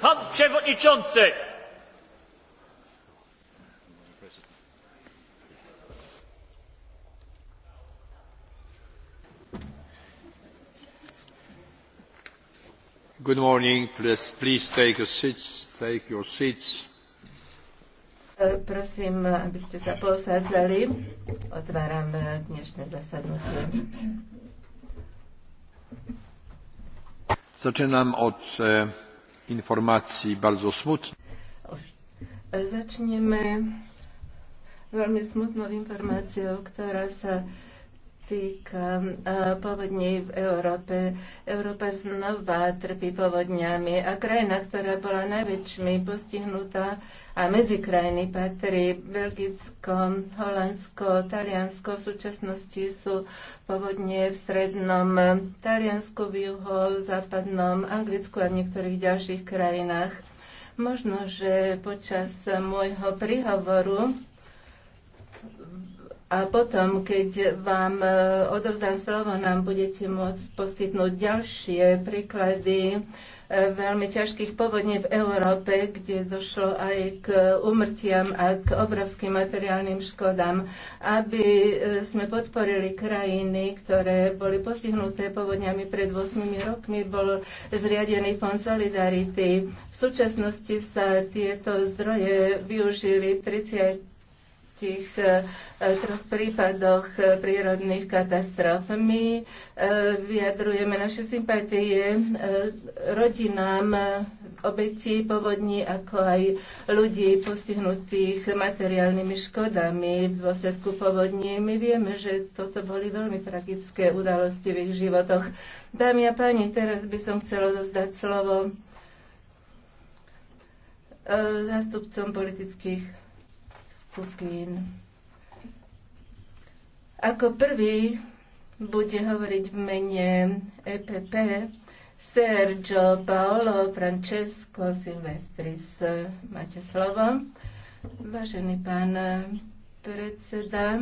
Pan przewodniczący! Good morning. Please, please take, a seats, take your seats. E, prosím, aby ste sa posadzali. Otváram e, dnešné zasadnutie. Začínam od e, informacji bardzo smutnych. Začneme veľmi smutnou informáciou, ktorá sa týka e, povodní v Európe. Európa znova trpí povodňami a krajina, ktorá bola najväčšmi postihnutá a medzi krajiny patrí Belgicko, Holandsko, Taliansko. V súčasnosti sú povodne v strednom Taliansku, v juho, v západnom Anglicku a v niektorých ďalších krajinách. Možno, že počas môjho príhovoru a potom, keď vám e, odovzdám slovo, nám budete môcť poskytnúť ďalšie príklady e, veľmi ťažkých povodní v Európe, kde došlo aj k umrtiam a k obrovským materiálnym škodám. Aby e, sme podporili krajiny, ktoré boli postihnuté povodňami pred 8 rokmi, bol zriadený fond Solidarity. V súčasnosti sa tieto zdroje využili 30 tých e, troch prípadoch prírodných katastrof. My e, vyjadrujeme naše sympatie e, rodinám obetí povodní, ako aj ľudí postihnutých materiálnymi škodami v dôsledku povodní. My vieme, že toto boli veľmi tragické udalosti v ich životoch. Dámy a páni, teraz by som chcela dozdať slovo zástupcom politických skupín. Ako prvý bude hovoriť v mene EPP Sergio Paolo Francesco Silvestris. Máte slovo. Vážený pán predseda,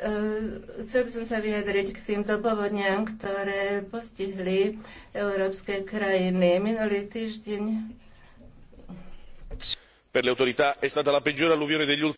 e, chcel by som sa vyjadriť k týmto povodňam, ktoré postihli európske krajiny. Minulý týždeň per le autorità è stata la peggiore alluvione degli ultimi anni.